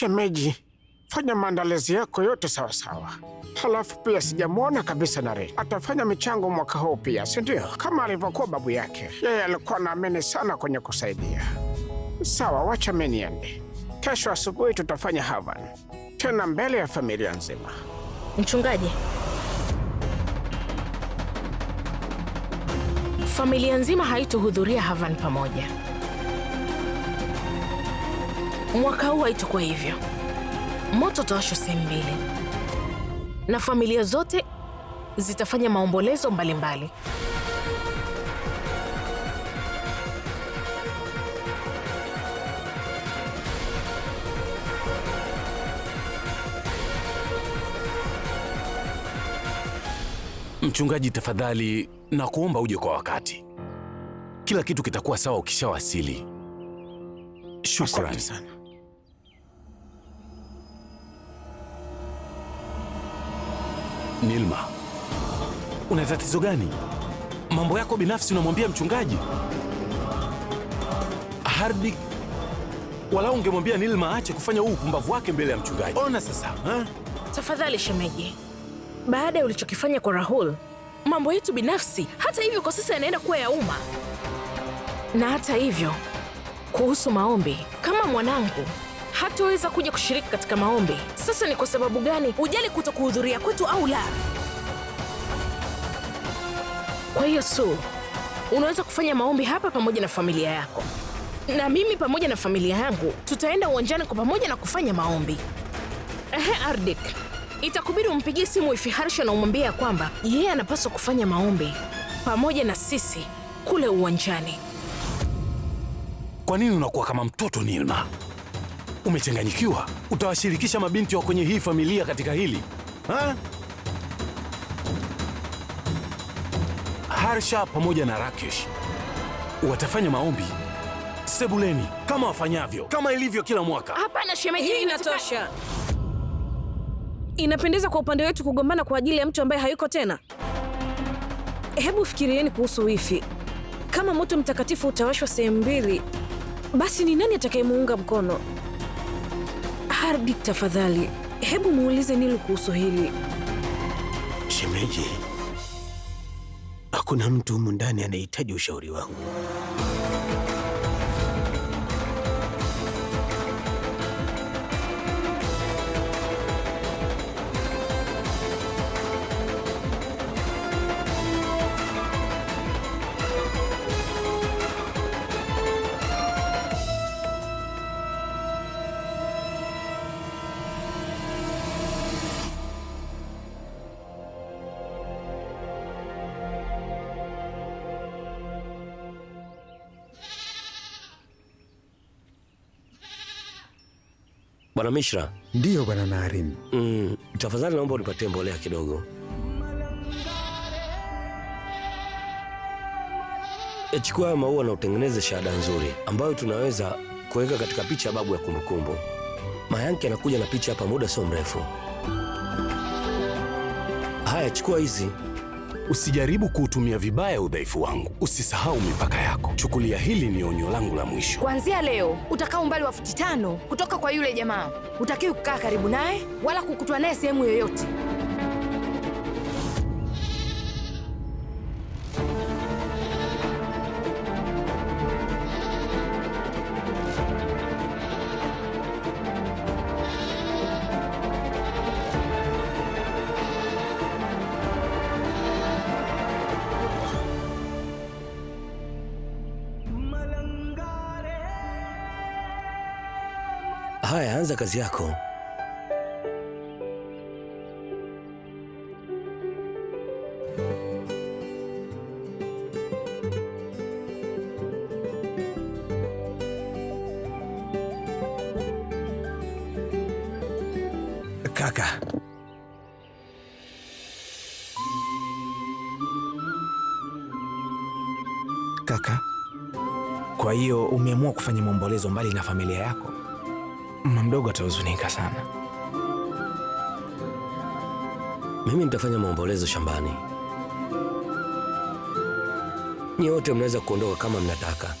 Shemeji, fanya maandalizi yako yote sawasawa. Halafu pia sijamwona kabisa Naren. Atafanya michango mwaka huu pia, si ndio? Kama alivyokuwa babu yake, yeye alikuwa naamini sana kwenye kusaidia. Sawa, wacha mimi niende. Kesho asubuhi tutafanya Havan tena mbele ya familia nzima. Mchungaji, familia nzima haitohudhuria Havan pamoja. Mwaka huu haitakuwa hivyo. Moto utawashwa sehemu mbili na familia zote zitafanya maombolezo mbalimbali mbali. Mchungaji, tafadhali na kuomba uje kwa wakati. Kila kitu kitakuwa sawa ukishawasili. Shukrani sana. Nilma, una tatizo gani? Mambo yako binafsi unamwambia mchungaji Hardik? Walau ungemwambia Nilma aache kufanya huu upumbavu wake mbele ya mchungaji. Ona sasa ha? Tafadhali shemeji, baada ya ulichokifanya kwa Rahul, mambo yetu binafsi hata hivyo kwa sasa yanaenda kuwa ya umma. Na hata hivyo, kuhusu maombi, kama mwanangu hatuweza kuja kushiriki katika maombi. Sasa ni kwa sababu gani ujali kuto kuhudhuria kwetu au la? Kwa hiyo Sue, unaweza kufanya maombi hapa pamoja na familia yako, na mimi pamoja na familia yangu tutaenda uwanjani kwa pamoja na kufanya maombi. Ehe, Ardik, itakubidi umpigie simu Ifiharsha na umwambie ya kwamba yeye yeah, anapaswa kufanya maombi pamoja na sisi kule uwanjani. Kwa nini unakuwa kama mtoto Nilma? Umechanganyikiwa? Utawashirikisha mabinti wa kwenye hii familia katika hili ha? Harsha pamoja na Rakesh watafanya maombi sebuleni kama wafanyavyo, kama ilivyo kila mwaka. Hapana shemeji, hii inatosha. Inapendeza kwa upande wetu kugombana kwa ajili ya mtu ambaye hayuko tena. Hebu fikirieni kuhusu wifi. Kama moto mtakatifu utawashwa sehemu mbili, basi ni nani atakayemuunga mkono? Ardik, tafadhali hebu muulize Nilu kuhusu hili. Shemeji, hakuna mtu humu ndani anayehitaji ushauri wangu. Bwana Mishra. Ndiyo bwana Naarim. Mm, tafadhali naomba unipatie mbolea kidogo. Echukua haya maua na utengeneze shahada nzuri ambayo tunaweza kuweka katika picha ya babu ya kumbukumbu. Mayanki anakuja na picha hapa muda sio mrefu. Haya, chukua hizi Usijaribu kuutumia vibaya udhaifu wangu. Usisahau mipaka yako. Chukulia hili ni onyo langu la mwisho. Kuanzia leo utakaa umbali wa futi tano kutoka kwa yule jamaa. Utakiwi kukaa karibu naye wala kukutwa naye sehemu yoyote. Haya, anza kazi yako. Kaka, kaka, kwa hiyo umeamua kufanya maombolezo mbali na familia yako? mama mdogo atahuzunika sana. Mimi nitafanya maombolezo shambani, nyi wote mnaweza kuondoka kama mnataka.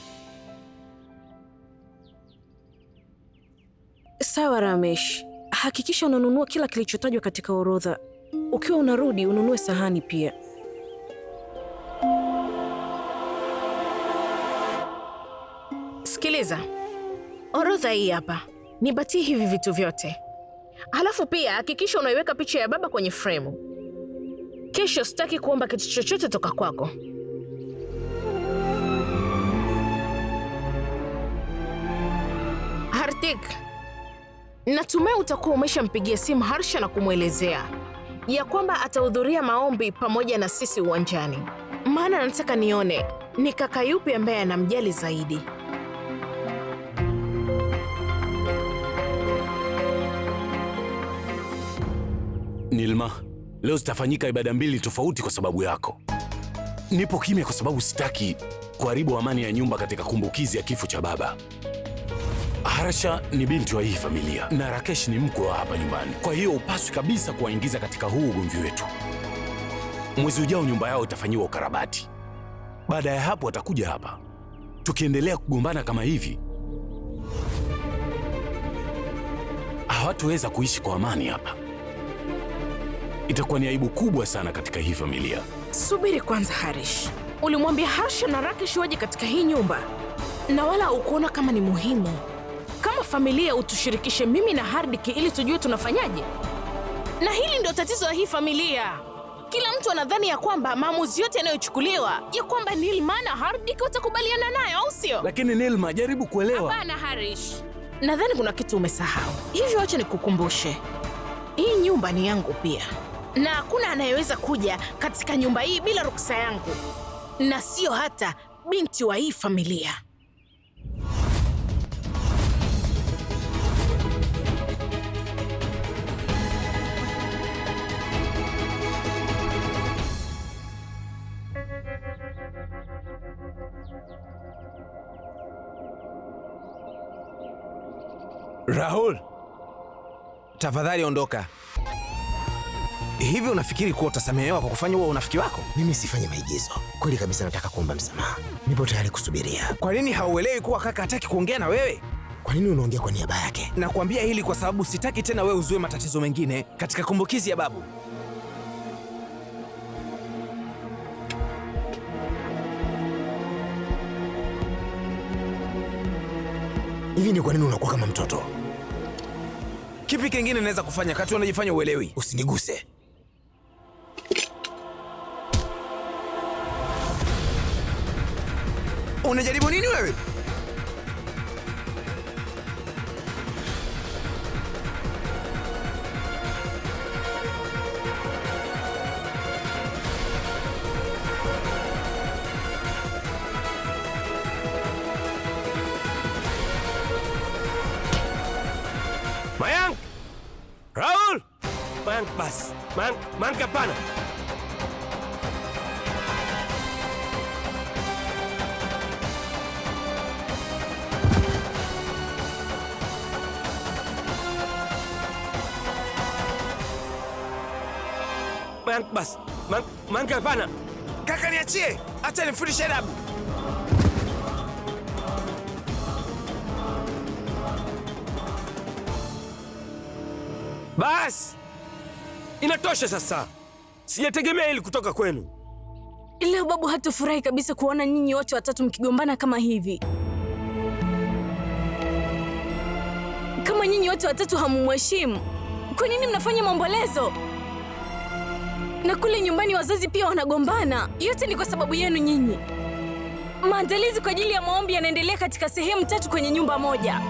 Sawa Ramesh, hakikisha unanunua kila kilichotajwa katika orodha. Ukiwa unarudi ununue sahani pia. Sikiliza orodha hii hapa. Nipatie hivi vitu vyote, halafu pia hakikisha unaiweka picha ya baba kwenye fremu. Kesho sitaki kuomba kitu chochote toka kwako. hartik natumai utakuwa umeshampigia simu Harsha na kumwelezea ya kwamba atahudhuria maombi pamoja na sisi uwanjani, maana nataka nione ni kaka yupi ambaye anamjali zaidi. Nilma, leo zitafanyika ibada mbili tofauti kwa sababu yako. Nipo kimya kwa sababu sitaki kuharibu amani ya nyumba katika kumbukizi ya kifo cha baba. Harsha ni binti wa hii familia na Rakesh ni mkwe wa hapa nyumbani, kwa hiyo upaswi kabisa kuwaingiza katika huu ugomvi wetu. Mwezi ujao nyumba yao itafanyiwa ukarabati. Baada ya hapo watakuja hapa. Tukiendelea kugombana kama hivi, hawatuweza kuishi kwa amani hapa itakuwa ni aibu kubwa sana katika hii familia. Subiri kwanza, Harish. Ulimwambia Harsha na Rakesh waje katika hii nyumba na wala haukuona kama ni muhimu. Kama familia utushirikishe mimi na Hardik ili tujue tunafanyaje, na hili ndio tatizo la hii familia. Kila mtu anadhani ya kwamba maamuzi yote yanayochukuliwa ya kwamba Nilma na Hardik watakubaliana nayo, au sio? Lakini Nilma, jaribu kuelewa. Hapana Harish, nadhani kuna kitu umesahau, hivyo acha nikukumbushe, hii nyumba ni yangu pia na hakuna anayeweza kuja katika nyumba hii bila ruksa yangu, na sio hata binti wa hii familia. Rahul, tafadhali ondoka. Hivi unafikiri kuwa utasamehewa kwa kufanya huo unafiki wako? Mimi sifanye maigizo, kweli kabisa. Nataka kuomba msamaha, nipo tayari kusubiria. Kwa nini hauelewi kuwa kaka hataki kuongea na wewe? Kwa nini unaongea kwa niaba yake? Nakwambia hili kwa sababu sitaki tena wewe uzue matatizo mengine katika kumbukizi ya babu. Hivi ni kwa nini unakuwa kama mtoto? Kipi kingine naweza kufanya kati wanajifanya uelewi? Usiniguse. 1.029. Mayank! Raúl! pas, mang, mang capana. manga hapana. Kaka, niachie, acha nimfundishe adabu. Basi inatosha sasa, sijategemea hili kutoka kwenu. Leo babu hatufurahi kabisa kuona nyinyi wote watatu mkigombana kama hivi. Kama nyinyi wote watatu hamumheshimu, kwa nini mnafanya maombolezo? na kule nyumbani wazazi pia wanagombana. Yote ni kwa sababu yenu nyinyi. Maandalizi kwa ajili ya maombi yanaendelea katika sehemu tatu kwenye nyumba moja,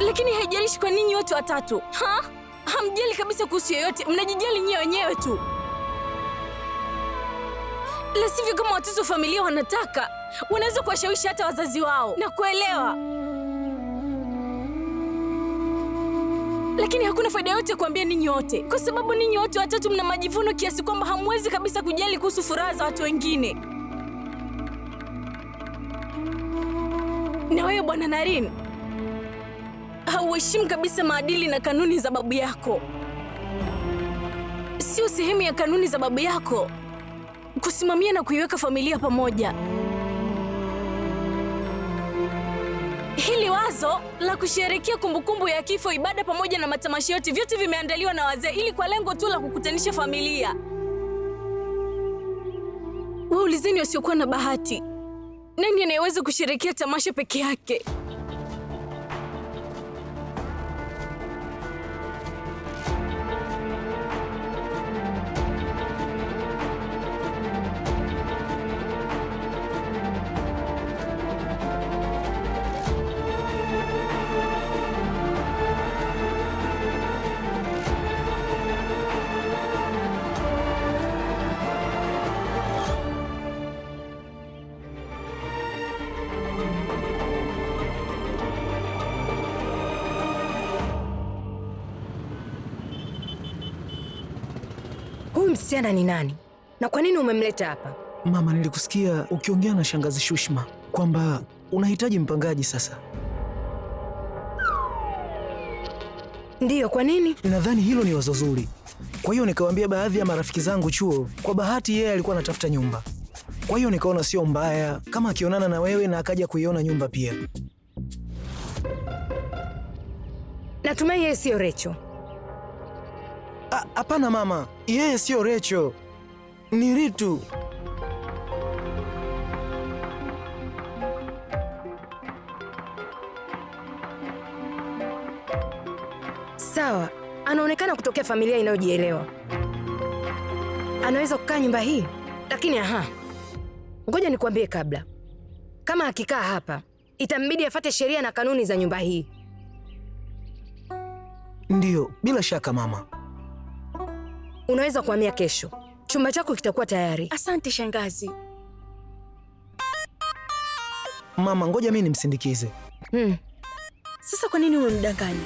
lakini haijalishi kwa ninyi wote watatu. Ha, hamjali kabisa kuhusu yoyote, mnajijali nyie wenyewe tu, la sivyo, kama watoto wa familia wanataka, wanaweza kuwashawishi hata wazazi wao na kuelewa. lakini hakuna faida yote kuambia ninyi wote, kwa sababu ninyi wote watatu mna majivuno kiasi kwamba hamwezi kabisa kujali kuhusu furaha za watu wengine. Na wewe Bwana Naren, hauheshimu kabisa maadili na kanuni za babu yako. Sio sehemu ya kanuni za babu yako kusimamia na kuiweka familia pamoja. Hili wazo la kusherekea kumbukumbu ya kifo, ibada pamoja na matamasha yote, vyote vimeandaliwa na wazee ili kwa lengo tu la kukutanisha familia. Waulizeni wasiokuwa na bahati, nani anayeweza kusherekea tamasha peke yake? msichana ni nani na kwa nini umemleta hapa? Mama, nilikusikia ukiongea na shangazi Shushma kwamba unahitaji mpangaji sasa. Ndiyo, kwa nini? Ninadhani hilo ni wazo zuri. Kwa hiyo nikawaambia baadhi ya marafiki zangu chuo. Kwa bahati, yeye alikuwa anatafuta nyumba, kwa hiyo nikaona sio mbaya kama akionana na wewe na akaja kuiona nyumba pia. Natumai yeye siyo Recho. Hapana mama, yeye siyo Recho, ni Ritu. Sawa, anaonekana kutokea familia inayojielewa, anaweza kukaa nyumba hii, lakini aha, ngoja nikuambie kabla, kama akikaa hapa itambidi afate sheria na kanuni za nyumba hii. Ndiyo, bila shaka mama. Unaweza kuhamia kesho, chumba chako kitakuwa tayari. Asante shangazi. Mama, ngoja mimi nimsindikize. Hmm. Sasa kwa nini umemdanganya?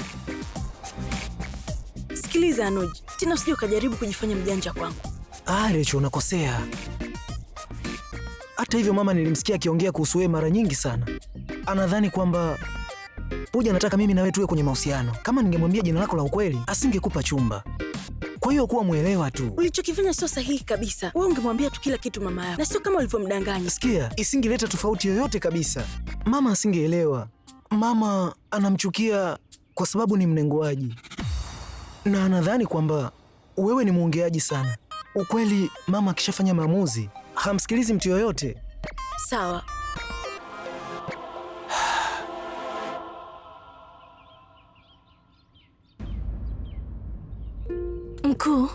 Sikiliza Anuj, tena usije ukajaribu kujifanya mjanja kwangu. Ah, Recho, unakosea. Hata hivyo mama, nilimsikia akiongea kuhusu wewe mara nyingi sana. Anadhani kwamba uja anataka mimi na wewe tuwe kwenye mahusiano. Kama ningemwambia jina lako la ukweli, asingekupa chumba. Kwa hiyo kuwa mwelewa tu. Ulichokifanya sio sahihi kabisa. Wewe ungemwambia tu kila kitu mama yako, na sio kama ulivyomdanganya. Sikia, isingeleta tofauti yoyote kabisa. Mama asingeelewa. Mama anamchukia kwa sababu ni mnenguaji, na anadhani kwamba wewe ni mwongeaji sana. Ukweli mama akishafanya maamuzi hamsikilizi mtu yoyote. Sawa, Mkuu,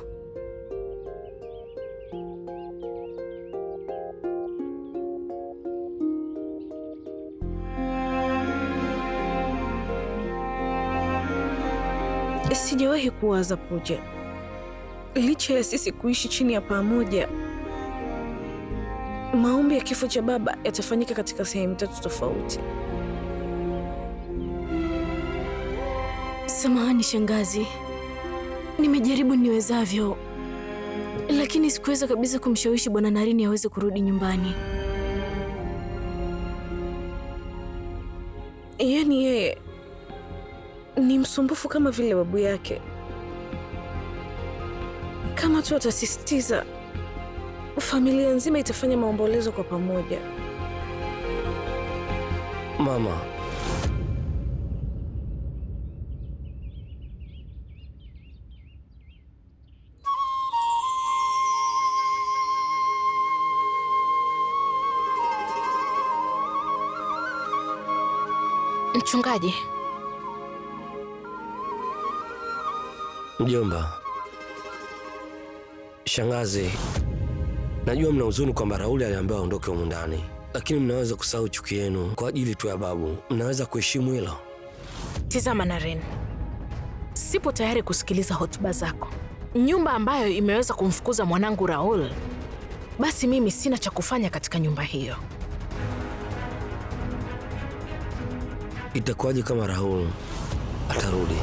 sijawahi kuwaza Pooja. Licha ya sisi kuishi chini ya paa moja, maombi ya kifo cha baba yatafanyika katika sehemu tatu tofauti. Samahani shangazi. Nimejaribu niwezavyo, lakini sikuweza kabisa kumshawishi Bwana narini aweze kurudi nyumbani. Yaani yeye ni msumbufu kama vile babu yake. Kama tu atasisitiza, familia nzima itafanya maombolezo kwa pamoja. Mama Mchungaji. Mjomba. Shangazi, najua mna huzuni kwamba Rauli aliambiwa aondoke humu ndani, lakini mnaweza kusahau chuki yenu kwa ajili tu ya babu. Mnaweza kuheshimu hilo? Tizama Naren, sipo tayari kusikiliza hotuba zako. Nyumba ambayo imeweza kumfukuza mwanangu Raul, basi mimi sina cha kufanya katika nyumba hiyo. Itakuwaje kama Rahul atarudi?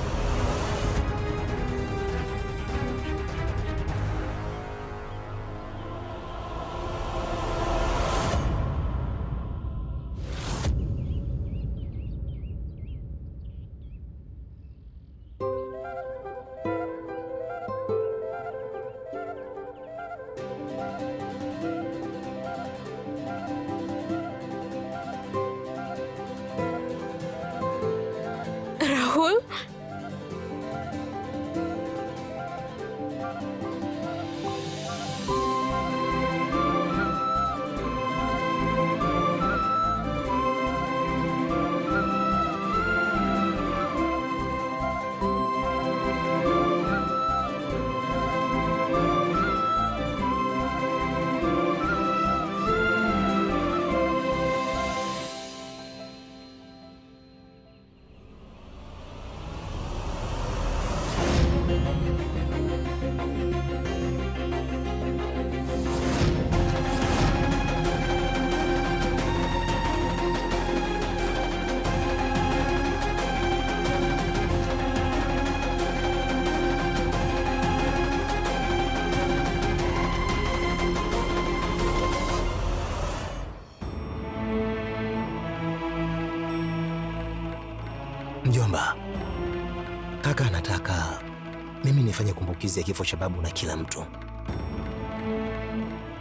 maambukizi ya kifo cha babu na kila mtu,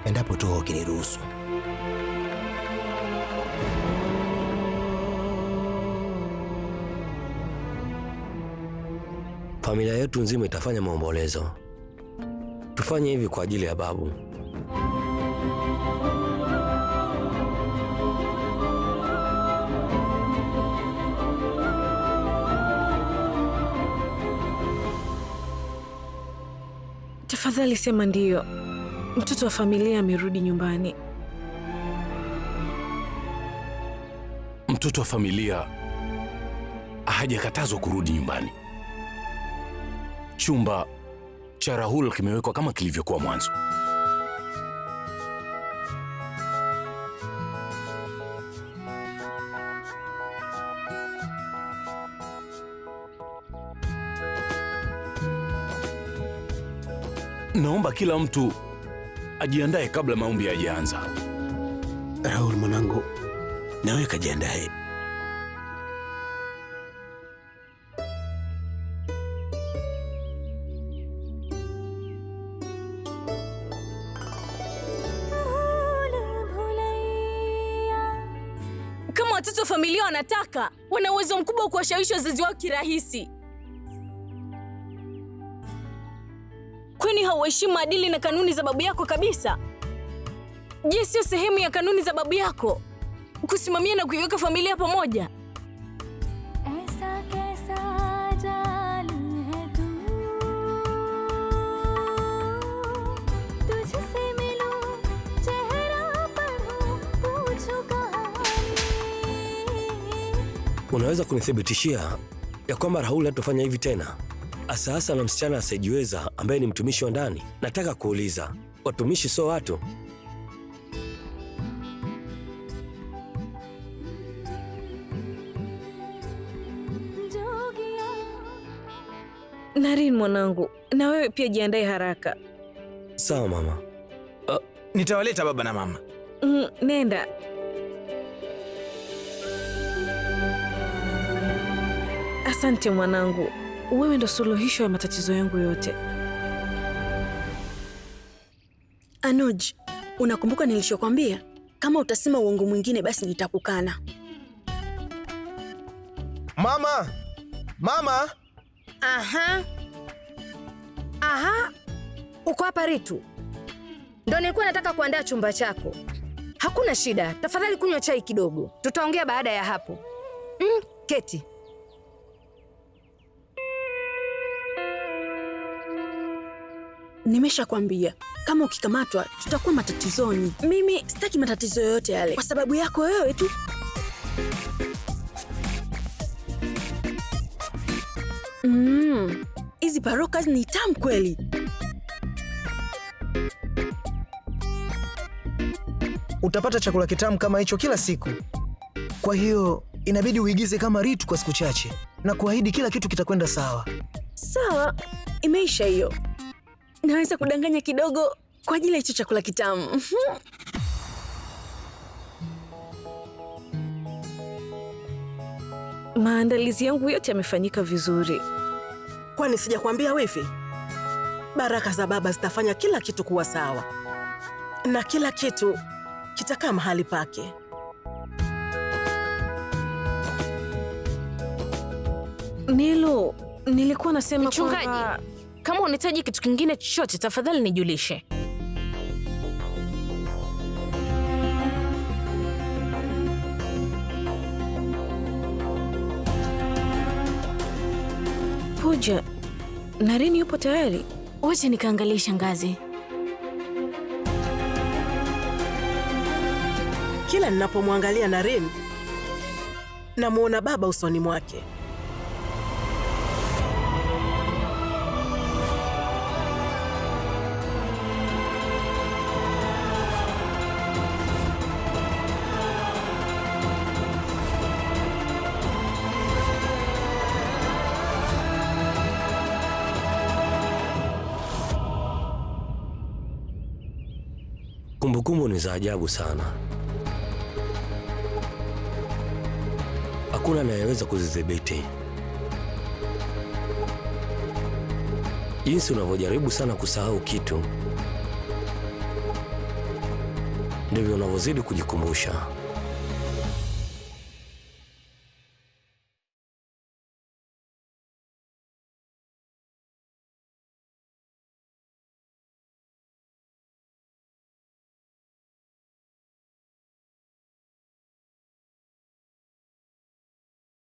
endapo tu ukiniruhusu. Familia yetu nzima itafanya maombolezo. Tufanye hivi kwa ajili ya babu. Tafadhali sema ndiyo, mtoto wa familia amerudi nyumbani. Mtoto wa familia hajakatazwa kurudi nyumbani. Chumba cha Rahul kimewekwa kama kilivyokuwa mwanzo. Naomba kila mtu ajiandae kabla maombi hayajaanza. Raul mwanangu, nawe kajiandae. Kama watoto familia wanataka, wana uwezo mkubwa wa kuwashawishi wazazi wao kirahisi. lakini hauheshimu maadili na kanuni za babu yako kabisa. Je, sio sehemu ya kanuni za babu yako kusimamia na kuiweka familia pamoja? Unaweza kunithibitishia ya kwamba Rahul hatofanya hivi tena? hasa hasa na msichana asiyejiweza ambaye ni mtumishi wa ndani. Nataka kuuliza, watumishi sio watu? Naren, mwanangu, na wewe pia jiandae haraka. Sawa mama. Uh, nitawaleta baba na mama. Mm, nenda. Asante mwanangu. Wewe ndo suluhisho ya matatizo yangu yote. Anuj, unakumbuka nilichokwambia? Kama utasema uongo mwingine, basi nitakukana. Mama, mama! Aha, aha, uko hapa Ritu? Ndo nilikuwa nataka kuandaa chumba chako. Hakuna shida, tafadhali kunywa chai kidogo, tutaongea baada ya hapo. Mm, keti. Nimeshakwambia kama ukikamatwa tutakuwa matatizoni. Mimi sitaki matatizo yoyote yale kwa sababu yako wewe tu. Mm, hizi mm, paroka ni tamu kweli. Utapata chakula kitamu kama hicho kila siku, kwa hiyo inabidi uigize kama Ritu kwa siku chache na kuahidi kila kitu kitakwenda sawa. Sawa, imeisha hiyo naweza kudanganya kidogo kwa ajili ya hicho chakula kitamu. Maandalizi yangu yote yamefanyika vizuri. Kwani sijakwambia wifi? Baraka za Baba zitafanya kila kitu kuwa sawa na kila kitu kitakaa mahali pake. Nilu, nilikuwa nasema kwamba kama unahitaji kitu kingine chochote, tafadhali nijulishe. puja Naren yupo tayari? Wacha nikaangalie shangazi. Kila ninapomwangalia Naren namwona baba usoni mwake. Kumbukumbu ni za ajabu sana, hakuna anayeweza kuzidhibiti. Jinsi unavyojaribu sana kusahau kitu ndivyo unavyozidi kujikumbusha.